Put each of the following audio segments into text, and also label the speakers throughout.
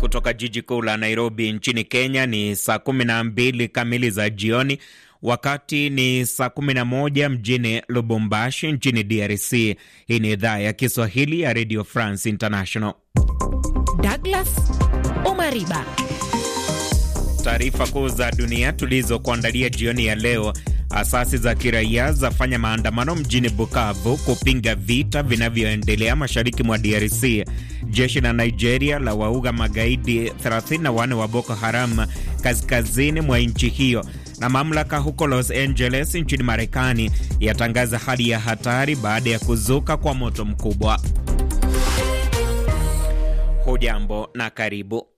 Speaker 1: kutoka jiji kuu la Nairobi nchini Kenya ni saa 12 kamili za jioni, wakati ni saa 11 mjini Lubumbashi nchini DRC. Hii ni idhaa ya Kiswahili ya Radio France International.
Speaker 2: Douglas Omariba,
Speaker 1: taarifa kuu za dunia tulizokuandalia jioni ya leo Asasi za kiraia zafanya maandamano mjini Bukavu kupinga vita vinavyoendelea mashariki mwa DRC. Jeshi la Nigeria la wauga magaidi 34 wa Boko Haram kaskazini mwa nchi hiyo, na mamlaka huko Los Angeles nchini Marekani yatangaza hali ya hatari baada ya kuzuka kwa moto mkubwa. Hujambo na karibu.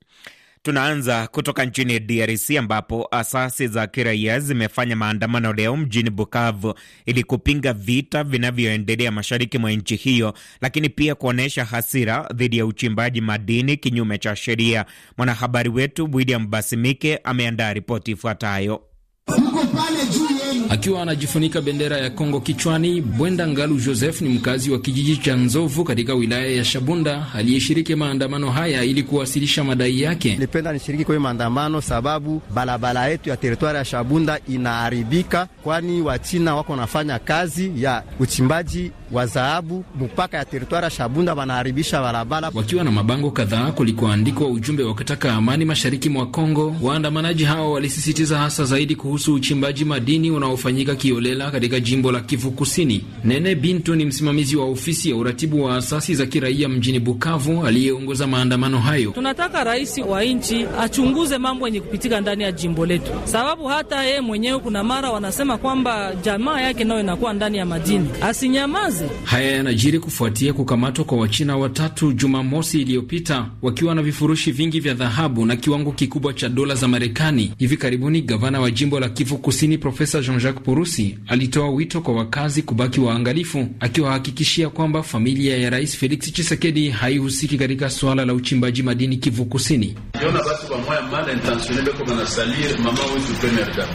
Speaker 1: Tunaanza kutoka nchini DRC ambapo asasi za kiraia zimefanya maandamano leo mjini Bukavu ili kupinga vita vinavyoendelea mashariki mwa nchi hiyo, lakini pia kuonyesha hasira dhidi ya uchimbaji madini kinyume cha sheria. Mwanahabari wetu William Basimike ameandaa ripoti ifuatayo.
Speaker 3: Tuko pale juu
Speaker 1: Akiwa anajifunika bendera ya Kongo kichwani, Bwenda Ngalu Joseph ni
Speaker 3: mkazi wa kijiji cha Nzovu katika wilaya ya Shabunda aliyeshiriki maandamano haya ili kuwasilisha madai yake. Nipenda nishiriki kwenye maandamano sababu barabara yetu ya teritwari ya Shabunda inaharibika, kwani Wachina wako wanafanya kazi ya uchimbaji wa dhahabu mpaka ya teritwari ya Shabunda, wanaharibisha barabara. Wakiwa na mabango kadhaa kulikoandikwa ujumbe wa kutaka amani mashariki mwa Kongo, waandamanaji hao walisisitiza hasa zaidi kuhusu uchimbaji madini unao uliofanyika kiolela katika jimbo la Kivu Kusini. Nene Bintu ni msimamizi wa ofisi ya uratibu wa asasi za kiraia mjini Bukavu aliyeongoza maandamano hayo. Tunataka rais wa nchi achunguze mambo yenye kupitika ndani ya jimbo letu, sababu hata yeye mwenyewe kuna mara wanasema kwamba jamaa yake nayo inakuwa ndani ya madini, asinyamaze. Haya yanajiri kufuatia kukamatwa kwa Wachina watatu Jumamosi iliyopita wakiwa na vifurushi vingi vya dhahabu na kiwango kikubwa cha dola za Marekani. Hivi karibuni gavana wa jimbo la Kivu Kusini Profesa Jean Isaac Porusi alitoa wito kwa wakazi kubaki waangalifu, akiwahakikishia kwamba familia ya Rais Felix chisekedi haihusiki katika suala la uchimbaji madini Kivu Kusini.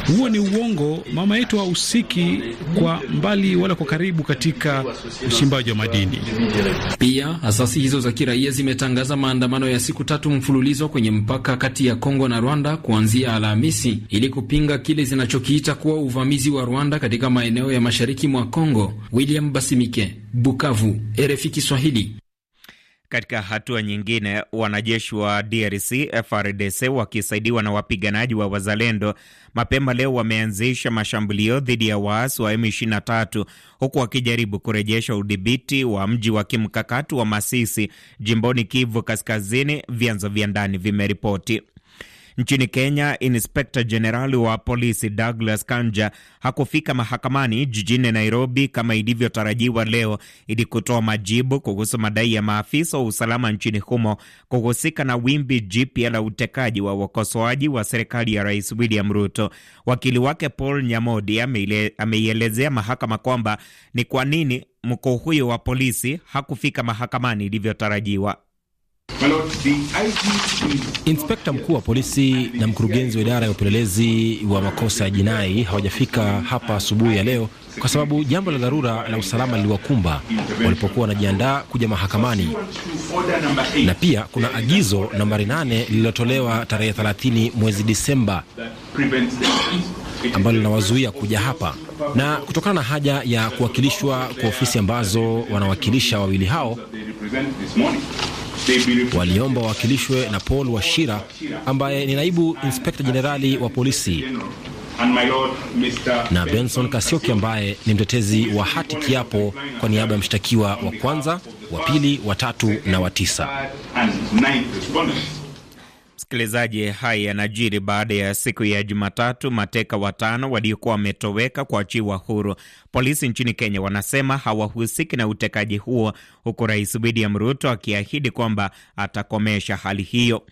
Speaker 3: Huo ni
Speaker 4: uongo, mama yetu hahusiki kwa mbali wala kwa karibu katika
Speaker 3: uchimbaji wa madini. Pia asasi hizo za kiraia zimetangaza maandamano ya siku tatu mfululizo kwenye mpaka kati ya Kongo na Rwanda kuanzia Alhamisi ili kupinga kile zinachokiita kuwa uvamizi wakimbizi wa Rwanda katika maeneo ya mashariki mwa Congo. William Basimike, Bukavu, RFI Kiswahili.
Speaker 1: Katika hatua nyingine, wanajeshi wa DRC FRDC wakisaidiwa na wapiganaji wa Wazalendo mapema leo wameanzisha mashambulio dhidi ya waasi wa M23 huku wakijaribu kurejesha udhibiti wa mji wa kimkakati wa Masisi jimboni Kivu Kaskazini, vyanzo vya ndani vimeripoti. Nchini Kenya, inspekta jenerali wa polisi Douglas Kanja hakufika mahakamani jijini Nairobi kama ilivyotarajiwa leo ili kutoa majibu kuhusu madai ya maafisa wa usalama nchini humo kuhusika na wimbi jipya la utekaji wa wakosoaji wa serikali ya Rais William Ruto. Wakili wake Paul Nyamodi ameielezea mahakama kwamba ni kwa nini mkuu huyo wa polisi hakufika mahakamani ilivyotarajiwa.
Speaker 5: Inspekta mkuu wa polisi na mkurugenzi wa idara ya upelelezi wa makosa ya jinai hawajafika hapa asubuhi ya leo kwa sababu jambo la dharura la usalama liliwakumba walipokuwa wanajiandaa kuja mahakamani, na pia kuna agizo nambari 8 lililotolewa tarehe 30 mwezi Disemba ambalo linawazuia kuja hapa, na kutokana na haja ya kuwakilishwa kwa ofisi ambazo wanawakilisha wawili hao Waliomba wawakilishwe na Paul Washira ambaye ni naibu inspekta jenerali wa polisi na Benson Kasioki ambaye ni mtetezi wa hati kiapo kwa niaba ya mshtakiwa wa kwanza, wa pili, wa tatu na wa tisa.
Speaker 1: Msikilizaji, haya yanajiri baada ya siku ya Jumatatu mateka watano waliokuwa wametoweka kuachiwa huru. Polisi nchini Kenya wanasema hawahusiki na utekaji huo, huku Rais William Ruto akiahidi kwamba atakomesha hali hiyo.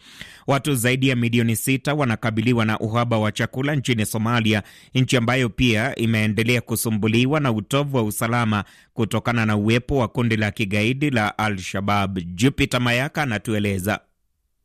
Speaker 1: Watu zaidi ya milioni sita wanakabiliwa na uhaba wa chakula nchini Somalia, nchi ambayo pia imeendelea kusumbuliwa na utovu wa usalama kutokana na uwepo wa kundi la kigaidi la Al-Shabab. Jupiter Mayaka anatueleza.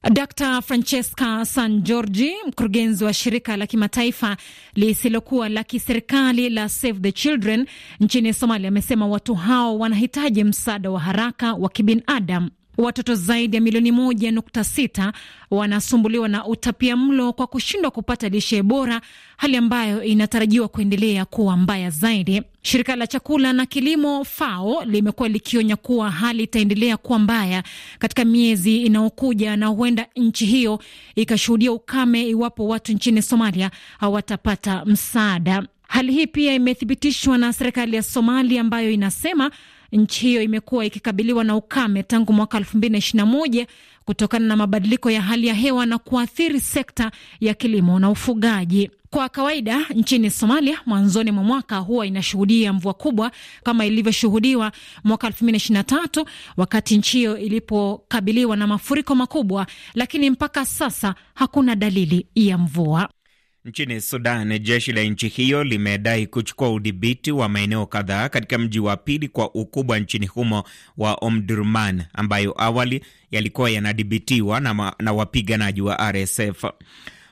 Speaker 2: Dr Francesca San Giorgi, mkurugenzi wa shirika la kimataifa lisilokuwa la kiserikali la Save the Children nchini Somalia, amesema watu hao wanahitaji msaada wa haraka wa kibinadamu. Watoto zaidi ya milioni moja nukta sita wanasumbuliwa na utapia mlo kwa kushindwa kupata lishe bora, hali ambayo inatarajiwa kuendelea kuwa mbaya zaidi. Shirika la chakula na kilimo FAO limekuwa likionya kuwa hali itaendelea kuwa mbaya katika miezi inayokuja na huenda nchi hiyo ikashuhudia ukame iwapo watu nchini Somalia hawatapata msaada. Hali hii pia imethibitishwa na serikali ya Somalia ambayo inasema Nchi hiyo imekuwa ikikabiliwa na ukame tangu mwaka 2021 kutokana na mabadiliko ya hali ya hewa na kuathiri sekta ya kilimo na ufugaji. Kwa kawaida nchini Somalia mwanzoni mwa mwaka huwa inashuhudia mvua kubwa kama ilivyoshuhudiwa mwaka 2023 wakati nchi hiyo ilipokabiliwa na mafuriko makubwa, lakini mpaka sasa hakuna dalili ya mvua.
Speaker 1: Nchini Sudan, jeshi la nchi hiyo limedai kuchukua udhibiti wa maeneo kadhaa katika mji wa pili kwa ukubwa nchini humo wa Omdurman, ambayo awali yalikuwa yanadhibitiwa na, na wapiganaji wa RSF.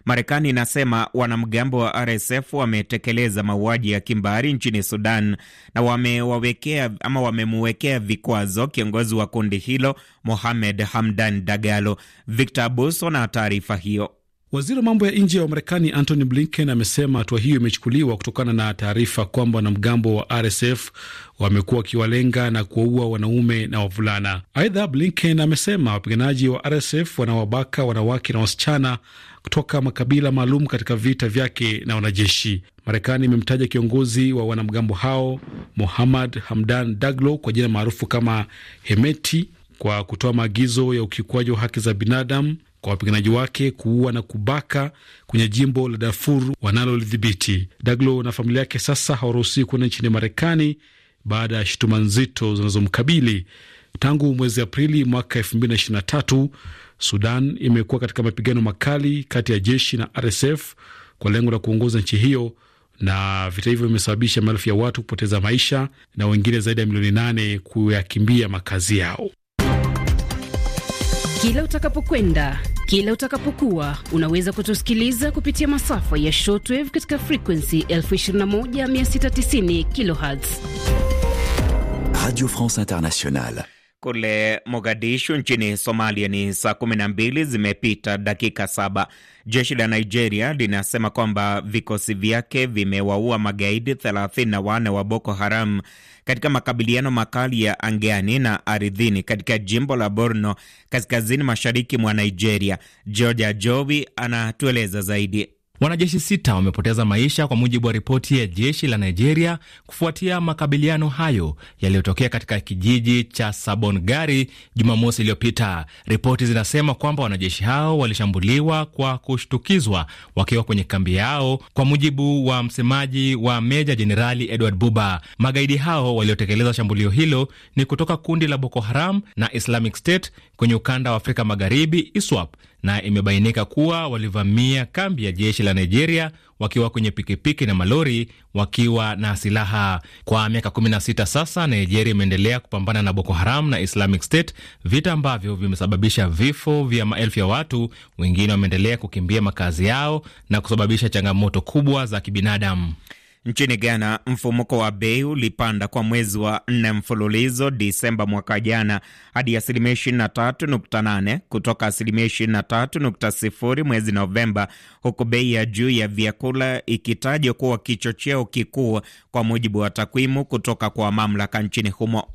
Speaker 1: Marekani inasema wanamgambo wa RSF wametekeleza mauaji ya kimbari nchini Sudan na wamewawekea ama wamemuwekea vikwazo kiongozi wa kundi hilo Mohamed Hamdan Dagalo. Victor abuso na taarifa hiyo.
Speaker 4: Waziri wa mambo ya nje wa Marekani Antony Blinken amesema hatua hiyo imechukuliwa kutokana na taarifa kwamba wanamgambo wa RSF wamekuwa wakiwalenga na kuwaua wanaume na wavulana. Aidha, Blinken amesema wapiganaji wa RSF wanawabaka wanawake na wasichana kutoka makabila maalum katika vita vyake na wanajeshi. Marekani imemtaja kiongozi wa wanamgambo hao Mohammad Hamdan Daglo kwa jina maarufu kama Hemeti kwa kutoa maagizo ya ukiukwaji wa haki za binadamu kwa wapiganaji wake kuua na kubaka kwenye jimbo la Darfur wanalolidhibiti. Daglo na familia yake sasa hawaruhusiwi kwenda nchini Marekani baada ya shutuma nzito zinazomkabili. Tangu mwezi Aprili mwaka 2023 Sudan imekuwa katika mapigano makali kati ya jeshi na RSF kwa lengo la kuongoza nchi hiyo, na vita hivyo vimesababisha maelfu ya watu kupoteza maisha na wengine zaidi ya milioni nane
Speaker 2: kuyakimbia
Speaker 4: makazi yao.
Speaker 2: Kila utakapokwenda, kila utakapokuwa, unaweza kutusikiliza kupitia masafa ya shortwave katika frekuensi 21690 kilohertz.
Speaker 1: Radio France
Speaker 5: Internationale.
Speaker 1: Kule Mogadishu nchini Somalia ni saa 12 zimepita dakika saba. Jeshi la Nigeria linasema kwamba vikosi vyake vimewaua magaidi 34 wa Boko Haram katika makabiliano makali ya angeani na ardhini katika jimbo la Borno kaskazini mashariki mwa Nigeria. Georgia Jowi anatueleza zaidi. Wanajeshi sita wamepoteza maisha kwa mujibu wa
Speaker 3: ripoti ya jeshi la Nigeria kufuatia makabiliano hayo yaliyotokea katika kijiji cha Sabongari Jumamosi iliyopita. Ripoti zinasema kwamba wanajeshi hao walishambuliwa kwa kushtukizwa wakiwa kwenye kambi yao, kwa mujibu wa msemaji wa Meja Jenerali Edward Buba. Magaidi hao waliotekeleza shambulio hilo ni kutoka kundi la Boko Haram na Islamic State kwenye ukanda wa Afrika Magharibi ISWAP na imebainika kuwa walivamia kambi ya jeshi la Nigeria wakiwa kwenye pikipiki na malori wakiwa na silaha. Kwa miaka 16 sasa, Nigeria imeendelea kupambana na Boko Haram na Islamic State, vita ambavyo vimesababisha vifo vya maelfu ya watu,
Speaker 1: wengine wameendelea kukimbia makazi yao na kusababisha changamoto kubwa za kibinadamu. Nchini Ghana, mfumuko wa bei ulipanda kwa mwezi wa nne mfululizo Disemba mwaka jana hadi asilimia 23.8 kutoka asilimia 23.0 mwezi Novemba, huku bei ya juu ya vyakula ikitajwa kuwa kichocheo kikuu, kwa mujibu wa takwimu kutoka kwa mamlaka nchini humo.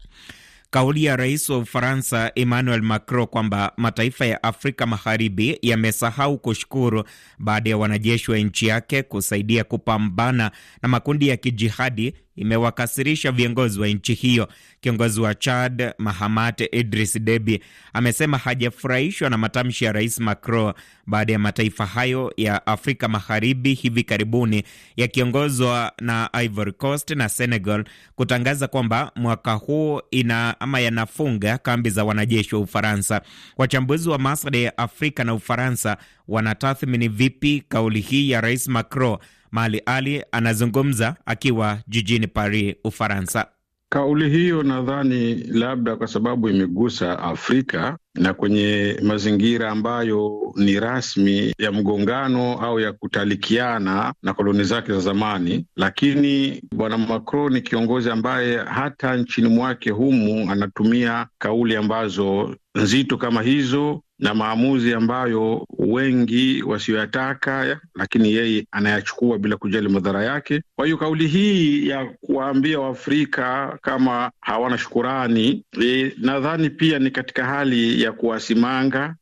Speaker 1: Kauli ya rais wa Ufaransa Emmanuel Macron kwamba mataifa ya Afrika Magharibi yamesahau kushukuru baada ya wanajeshi wa nchi yake kusaidia kupambana na makundi ya kijihadi imewakasirisha viongozi wa nchi hiyo. Kiongozi wa Chad Mahamat Idris Deby amesema hajafurahishwa na matamshi ya Rais Macron baada ya mataifa hayo ya Afrika Magharibi hivi karibuni yakiongozwa na Ivory Coast na Senegal kutangaza kwamba mwaka huu ina ama yanafunga kambi za wanajeshi wa Ufaransa. Wachambuzi wa masuala ya Afrika na Ufaransa wanatathmini vipi kauli hii ya Rais Macron? Mali Ali anazungumza akiwa jijini Paris, Ufaransa.
Speaker 4: Kauli hiyo nadhani labda kwa sababu imegusa Afrika na kwenye mazingira ambayo ni rasmi ya mgongano au ya kutalikiana na koloni zake za zamani. Lakini bwana Macron ni kiongozi ambaye hata nchini mwake humu anatumia kauli ambazo nzito kama hizo na maamuzi ambayo wengi wasiyoyataka lakini yeye anayachukua bila kujali madhara yake. Kwa hiyo kauli hii ya kuwaambia Waafrika kama hawana shukurani e, nadhani pia ni katika hali ya kuwasimanga.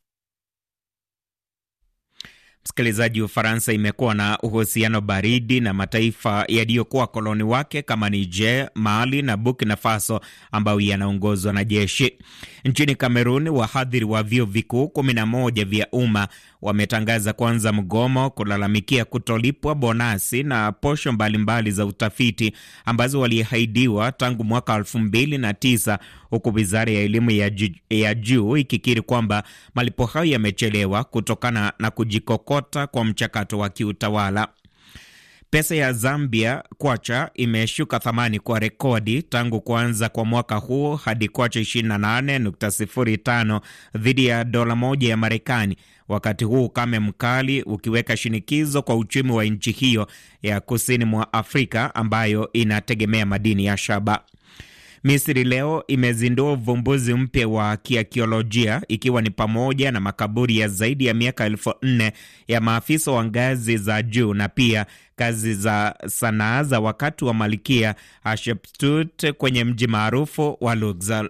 Speaker 1: Msikilizaji, Ufaransa imekuwa na uhusiano baridi na mataifa yaliyokuwa koloni wake kama Niger, Mali na Burkina Faso ambayo yanaongozwa na jeshi. Nchini Kamerun, wahadhiri wa vyuo vikuu kumi na moja vya umma wametangaza kuanza mgomo kulalamikia kutolipwa bonasi na posho mbalimbali za utafiti ambazo waliahidiwa tangu mwaka elfu huku wizara ya elimu ya juu ikikiri kwamba malipo hayo yamechelewa kutokana na kujikokota kwa mchakato wa kiutawala. Pesa ya Zambia kwacha imeshuka thamani kwa rekodi tangu kuanza kwa mwaka huu hadi kwacha 28.05 dhidi ya dola moja ya Marekani, wakati huu ukame mkali ukiweka shinikizo kwa uchumi wa nchi hiyo ya kusini mwa Afrika ambayo inategemea madini ya shaba. Misri leo imezindua uvumbuzi mpya wa kiakiolojia ikiwa ni pamoja na makaburi ya zaidi ya miaka elfu nne ya maafisa wa ngazi za juu na pia kazi za sanaa za wakati wa Malikia Hatshepsut kwenye mji maarufu wa Luxor.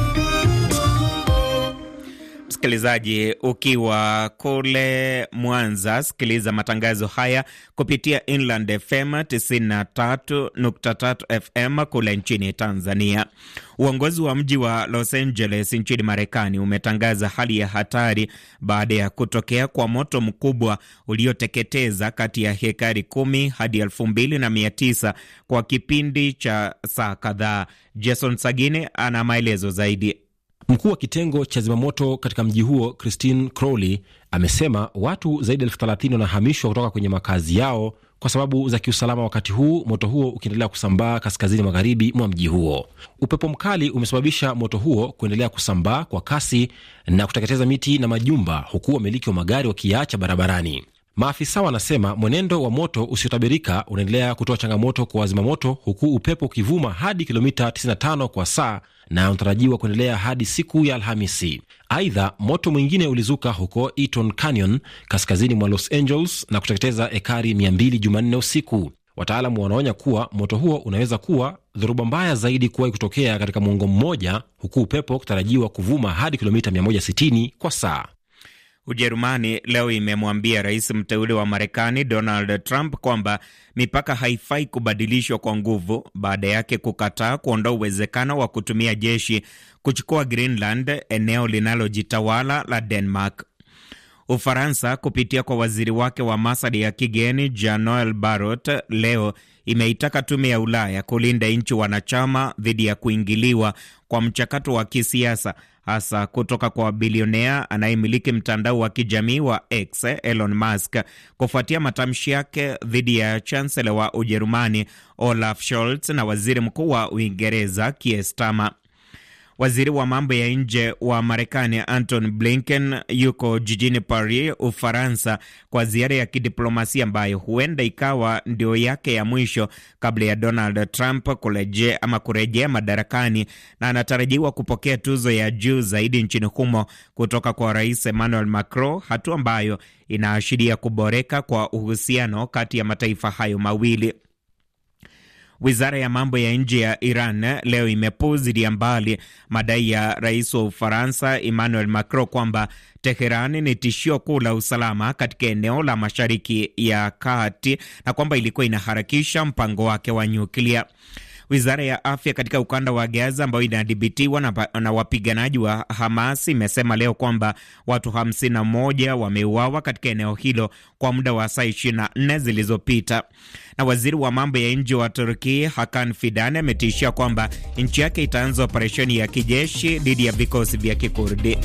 Speaker 1: Msikilizaji, ukiwa kule Mwanza, sikiliza matangazo haya kupitia Inland FM 93.3 FM kule nchini Tanzania. Uongozi wa mji wa Los Angeles nchini Marekani umetangaza hali ya hatari baada ya kutokea kwa moto mkubwa ulioteketeza kati ya hekari 1 hadi 29 kwa kipindi cha saa kadhaa. Jason Sagine ana maelezo zaidi. Mkuu wa kitengo cha zimamoto katika mji huo Christine
Speaker 5: Crowley amesema watu zaidi ya elfu thelathini wanahamishwa kutoka kwenye makazi yao kwa sababu za kiusalama, wakati huu moto huo ukiendelea kusambaa kaskazini magharibi mwa mji huo. Upepo mkali umesababisha moto huo kuendelea kusambaa kwa kasi na kuteketeza miti na majumba, huku wamiliki wa magari wakiacha barabarani. Maafisa wanasema mwenendo wa moto usiotabirika unaendelea kutoa changamoto kwa wazimamoto, huku upepo ukivuma hadi kilomita 95 kwa saa na yanatarajiwa kuendelea hadi siku ya Alhamisi. Aidha, moto mwingine ulizuka huko Eaton Canyon kaskazini mwa Los Angeles na kuteketeza ekari 200 Jumanne usiku. Wataalamu wanaonya kuwa moto huo unaweza kuwa dhoruba mbaya zaidi kuwahi kutokea katika muongo mmoja, huku upepo ukitarajiwa kuvuma hadi kilomita 160 kwa saa.
Speaker 1: Ujerumani leo imemwambia rais mteule wa Marekani Donald Trump kwamba mipaka haifai kubadilishwa kwa nguvu, baada yake kukataa kuondoa uwezekano wa kutumia jeshi kuchukua Greenland, eneo linalojitawala la Denmark. Ufaransa kupitia kwa waziri wake wa masada ya kigeni Jean-Noel Barrot leo imeitaka tume ya Ulaya kulinda nchi wanachama dhidi ya kuingiliwa kwa mchakato wa kisiasa hasa kutoka kwa bilionea anayemiliki mtandao wa kijamii wa X Elon Musk kufuatia matamshi yake dhidi ya chancelo wa Ujerumani Olaf Scholz na waziri mkuu wa Uingereza Keir Starmer. Waziri wa mambo ya nje wa Marekani Anton Blinken yuko jijini Paris, Ufaransa, kwa ziara ya kidiplomasia ambayo huenda ikawa ndio yake ya mwisho kabla ya Donald Trump kurejea ama kurejea madarakani, na anatarajiwa kupokea tuzo ya juu zaidi nchini humo kutoka kwa Rais Emmanuel Macron, hatua ambayo inaashiria kuboreka kwa uhusiano kati ya mataifa hayo mawili. Wizara ya mambo ya nje ya Iran eh, leo imepuzilia mbali madai ya rais wa Ufaransa Emmanuel Macron kwamba Teheran ni tishio kuu la usalama katika eneo la Mashariki ya Kati na kwamba ilikuwa inaharakisha mpango wake wa nyuklia. Wizara ya afya katika ukanda wa Gaza ambayo inadhibitiwa na, na wapiganaji wa Hamas imesema leo kwamba watu 51 wameuawa katika eneo hilo kwa muda wa saa 24 zilizopita. Na waziri wa mambo ya nje wa Turkii Hakan Fidan ametishia kwamba nchi yake itaanza operesheni ya kijeshi dhidi ya vikosi vya Kikurdi.